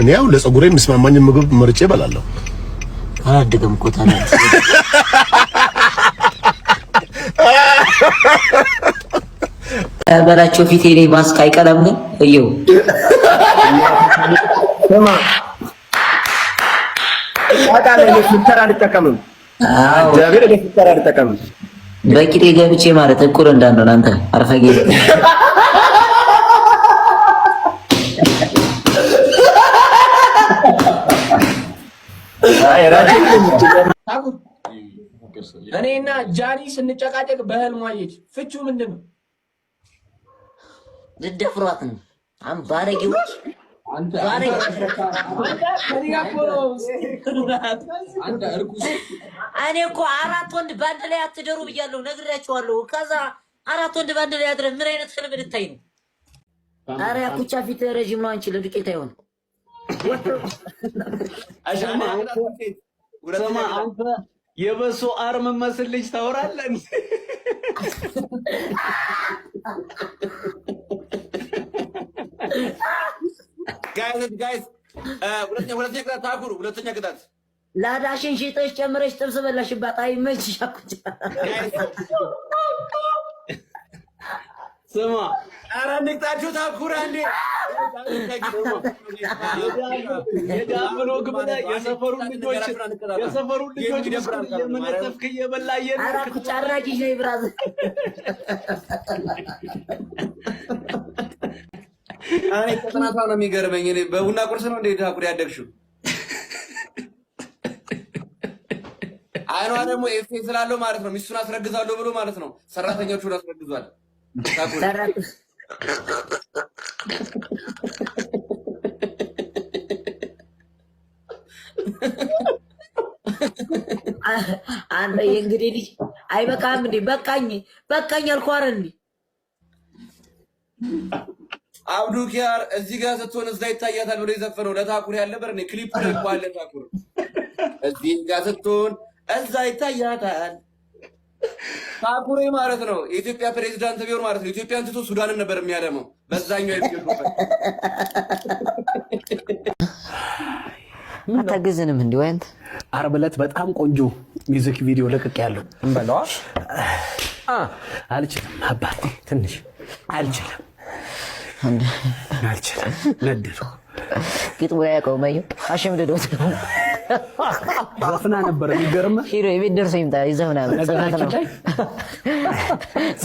እኔ ያው ለፀጉሬ የሚስማማኝ ምግብ መርጬ እበላለሁ። አላደገም እኮ ታዲያ በላቸው ፊቴ ላይ ማስክ አይቀረም ግን እየው በቂጤ ገብቼ ማለት እኩል እንዳንሆን አንተ አርፈጌ እኔና ጃኒ ስንጨቃጨቅ በህልሟ አየች። ፍቹ ምንድን ነው? ልደፍሯት ነው። ባለጌዎች እኔ እኮ አራት ወንድ በአንድ ላይ አትደሩ ብያለሁ፣ ነግሬያቸዋለሁ። ከዛ አራት ወንድ በአንድ ላይ አድረን ምን አይነት ህልም ልታይ ነው? ኧረ ያኩቻ ፊት ረዥም ነው። አንቺ ለዱቄት አይሆንም አንተ የበሶ አርም መስል ልጅ ታወራለን። ሁለተኛ ቅጣት ሁለተኛ ቅጣት ላዳሽን ሽጠሽ ጨምረሽ ጥብስ በላሽባት። አይ ስማ፣ ኧረ ታኩራ እንዴ! የዳምኖ ግብዳ የሰፈሩን ልጆች የሰፈሩን ልጆች የምንጠፍክ እየበላ ጫራቂ ብራዝ ጥናቷ ነው የሚገርመኝ። በቡና ቁርስ ነው እንደ ዳኩር ያደግሽው። አይኗ ደግሞ ኤፌ ስላለው ማለት ነው ሚስቱን አስረግዛለሁ ብሎ ማለት ነው። ሰራተኞቹን አስረግዟል። አንተ የእንግዲህ ልጅ አይበቃም እንዴ? በቃኝ በቃኝ አልኳረ እንዴ አብዱ ኪያር እዚህ ጋር ስትሆን እዛ ይታያታል ብሎ የዘፈነው ለታኩር ያለ በር ክሊፕ ነው እኮ አለ። ታኩር እዚህ ጋር ስትሆን እዛ ይታያታል ታኩሬ ማለት ነው የኢትዮጵያ ፕሬዚዳንት ቢሆን ማለት ነው። ኢትዮጵያን ትቶ ሱዳንን ነበር የሚያለመው በዛኛው የሚገቡበት አታግዝንም እንዲ ወይንት አርብ ዕለት በጣም ቆንጆ ሚዚክ ቪዲዮ ለቅቅ ያለው እንበለዋ አልችልም፣ አባቴ ትንሽ አልችልም፣ አልችልም ነድሩ ግጥሙ ላይ ያቆመዩ አሸምድዶት ነው ዘፍና ነበር። የሚገርም ሂሮ የቤት ደርሶ ይምጣ ይዘፍና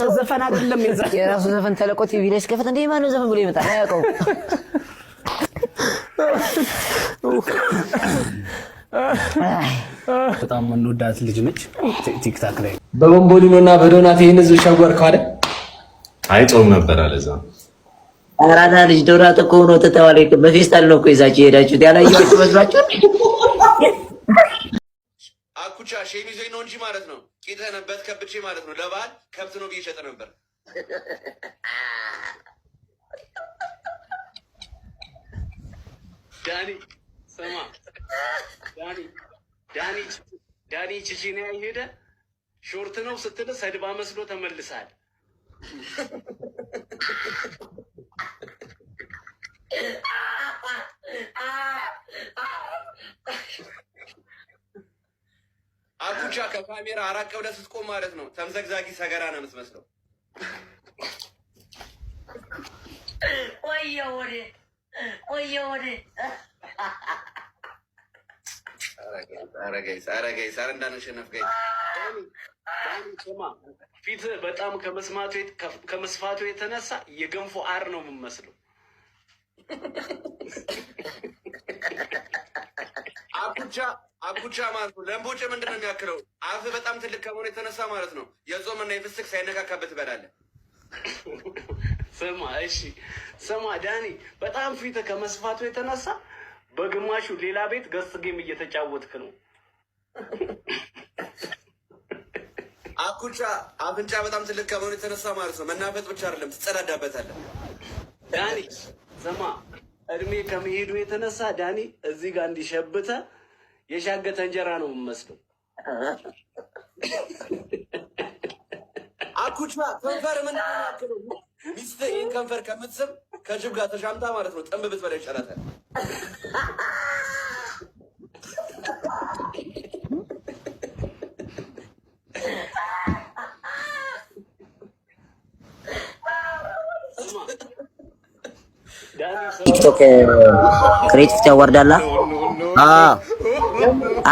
ሰው ዘፈን አይደለም የራሱ ዘፈን ተለቆ ቲቪ ላይ ስከፈት እንደ ማነው ዘፈን ብሎ ይመጣል። አያውቀው በጣም እንወዳት ልጅ ነች። ቲክታክ ላይ በቦምቦሊኖ እና በዶናት ይህን ህዝብ ሸወርከው አይደል? አይ ጾም ነበር አለ እዛ አራዳ ልጅ ዶናት እኮ ሆኖ ተተዋለ። በፌስታል ነው እኮ ይዛችሁ የሄዳችሁት ያላየኋችሁ መስሏችሁ ቡቻ ሸሚዞኝ ነው እንጂ ማለት ነው። ቂጠነበት ከብቼ ማለት ነው። ለባህል ከብት ነው ብዬ ነበር። ዳኒ ስማ፣ ዳኒ ዳኒ ዳኒ ቺቺኒያ ሄደ ሾርት ነው ስትል ሰድባ መስሎ ተመልሳል። አኩቻ ከካሜራ አራቅ ብለህ ስትቆም ማለት ነው ተምዘግዛጊ ሰገራ ነው የምትመስለው። ወየ ወደ ወየ ወደ እንዳንሸነፍ ጋይ ፊት በጣም ከመስፋቱ የተነሳ የገንፎ አር ነው የምመስለው። አጉቻ አጉቻ ማለት ነው። ለምቦጭ ምንድን ነው የሚያክለው? አፍ በጣም ትልቅ ከመሆኑ የተነሳ ማለት ነው። የጾም እና የፍስክ ሳይነካካበት ትበላለህ። ስማ እሺ፣ ስማ ዳኒ፣ በጣም ፊት ከመስፋቱ የተነሳ በግማሹ ሌላ ቤት ገስ ጌም እየተጫወትክ ነው። አኩቻ አፍንጫ በጣም ትልቅ ከመሆኑ የተነሳ ማለት ነው። መናፈጥ ብቻ አይደለም፣ ትጸዳዳበታለህ ዳኒ። ስማ እድሜ ከመሄዱ የተነሳ ዳኒ እዚህ ጋር እንዲሸብተ የሻገተ እንጀራ ነው የምመስለው። አኩቻ ከንፈር ምን ሚስት ይህን ከንፈር ከምትስብ ከጅብ ጋር ተሻምታ ማለት ነው ጥንብ ብትበላ ይሻላታል። ቲክቶክ ክሬቲቪቲ ያዋርዳላ።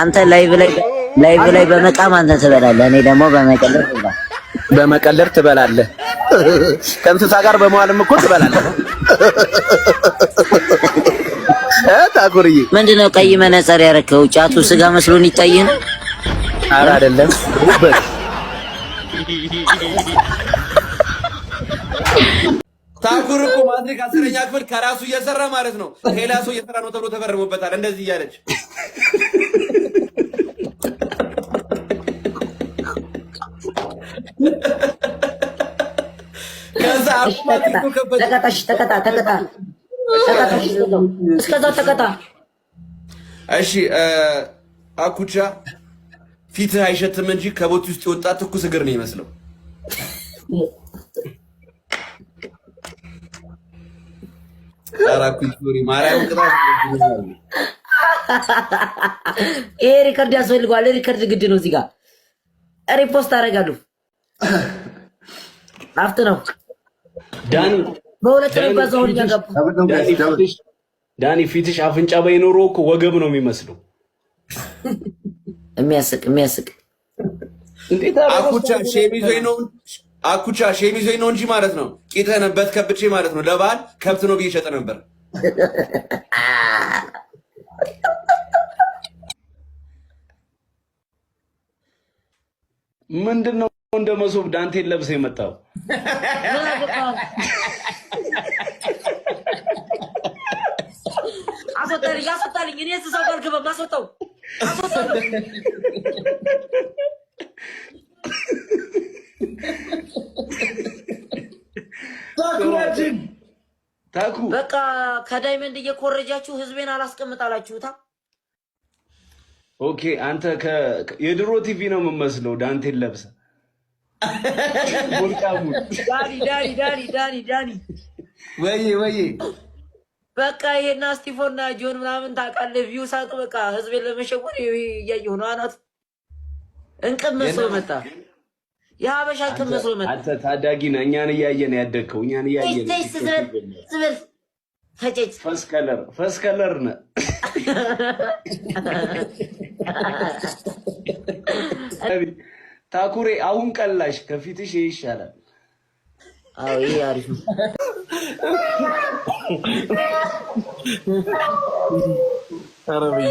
አንተ ላይቭ ላይ ላይቭ ላይ በመቃም አንተ ትበላለህ፣ እኔ ደግሞ በመቀለር በመቀለር ትበላለህ። ከእንስሳ ጋር በመዋልም እኮ ትበላለህ። ታኩርዬ ምንድን ነው ቀይ መነጽር ያደረከው? ጫቱ ስጋ መስሎን ይታይህ? ኧረ አይደለም ታኩር እኮ ማትሪክ አስረኛ ክፍል ከራሱ እየሰራ ማለት ነው። ሌላ ሰው እየሰራ ነው ተብሎ ተፈርሞበታል። እንደዚህ እያለች እሺ አኩቻ ፊትህ አይሸትም እንጂ ከቦት ውስጥ የወጣ ትኩስ እግር ነው ይመስለው ይሄ ሪከርድ ያስፈልገዋል። ሪከርድ ግድ ነው። እዚህ ጋር ሪፖስት አደርጋለሁ። አፍት ነው በሁለት ዳኒ፣ ፊትሽ አፍንጫ ባይኖሮ እኮ ወገብ ነው የሚመስለው። የሚያስቅ የሚያስቅ እንዴት አኩቻ ሼም ይዞኝ ነው አኩቻ ሸሚዞኝ ነው እንጂ ማለት ነው። ቂጥህን በት ከብቼ ማለት ነው። ለባህል ከብት ነው ብዬ ሸጠ ነበር። ምንድን ነው እንደ መሶብ ዳንቴን ለብሰ የመጣው? አስወጣልኝ፣ አስወጣልኝ። እኔ ስሰው ጋር ግባ ማስወጣው ታኩራችን ታኩ በቃ ከዳይመንድ እየኮረጃችሁ ህዝቤን አላስቀምጣላችሁታ። ኦኬ አንተ የድሮ ቲቪ ነው የምመስለው። ዳንቴን ለብሰ ዳኒ ወይ ወይ በቃ ይሄና ስቲፎና ጆን ምናምን ታውቃለህ። ቪው ሳቅ በቃ ህዝቤን ለመሸወድ እያየሁ ነው። አናቱ እንቅብ መስሎ መጣ። የሀበሻ ከመስሎ መ አንተ ታዳጊ ነህ። እኛን እያየን ያደግከው። እኛን እያየህ ነው ዝብል ከለር ፈስት ከለር ነህ። ታኩሬ አሁን ቀላሽ ከፊትሽ ይሄ ይሻላል። አዎ ይሄ አሪፍ ነው። ኧረ በይ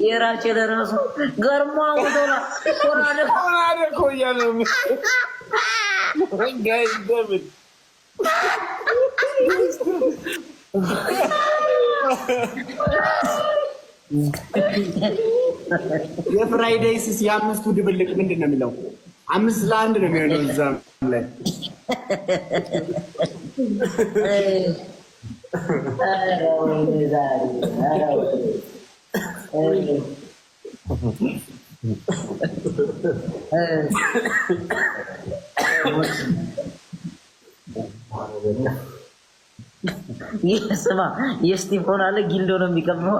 የራጭ የፍራይዴይስ የአምስቱ ድብልቅ ምንድን ነው የሚለው? አምስት ለአንድ ነው የሚሆነው። እዛ ላይ ይህ ስማ የስቲፎን አለ ጊልዶ ነው የሚቀመው።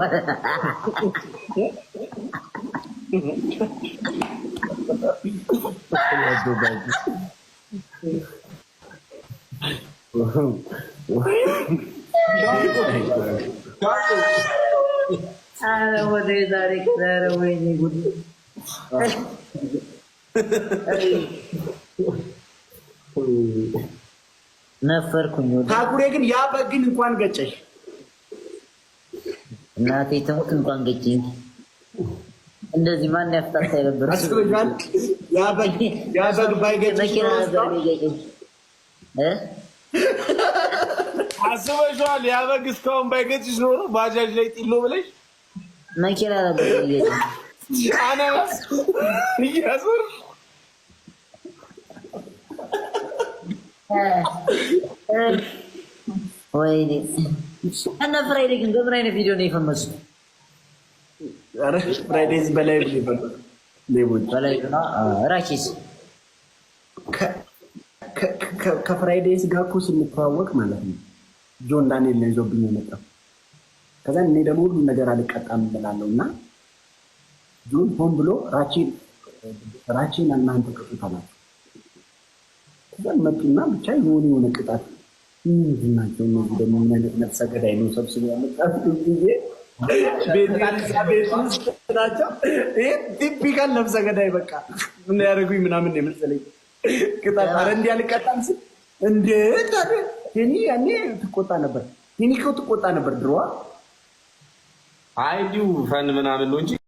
ወደ ዛሬ ከዛሬ ወይኔ ጉድ ነፈርኩኝ። ታጉሬ ግን ያ በግን እንኳን ገጨሽ። እናቴ ትሙት እንኳን ገጨኝ። እንደዚህ ማን ያፍታታ የነበር ያ በግ ያ በግ ባይገጭ አስበሽዋል? ያ በግ እስካሁን ባይገጭሽ ኖሮ ባጃጅ ላይ ጥሎ ብለሽ መኪና ነበር ይገጭ አና እያዞር ወይኔ ፍራይዴ ግን በምን አይነት ቪዲዮ ነው በላይ ራኬስ ከፍራይዴስ ጋር እኮ ስንተዋወቅ ማለት ነው ጆን ዳንኤል ነው ይዞብኝ የመጣው። ከዛ እኔ ደግሞ ሁሉ ነገር አልቀጣም እላለሁ እና ጆን ሆን ብሎ ራቼን እናንተ ክፉ ከዛን መጡና ብቻ የሆነ የሆነ ቅጣት ምንድን ናቸው እነዚህ ደግሞ ምን አይነት ነፍሰ ገዳይ ነው ሰብስቦ ያመጣት ጊዜ ቲፒካል ነፍሰ ገዳይ በቃ ምን ያደረጉኝ ምናምን የመሰለኝ ቅጣት ኧረ እንዲህ አልቀጣም ስል እንዴት ቴኒ ያኔ ትቆጣ ነበር ቴኒ ትቆጣ ነበር ድሮዋ ፈን ምናምን ነው እንጂ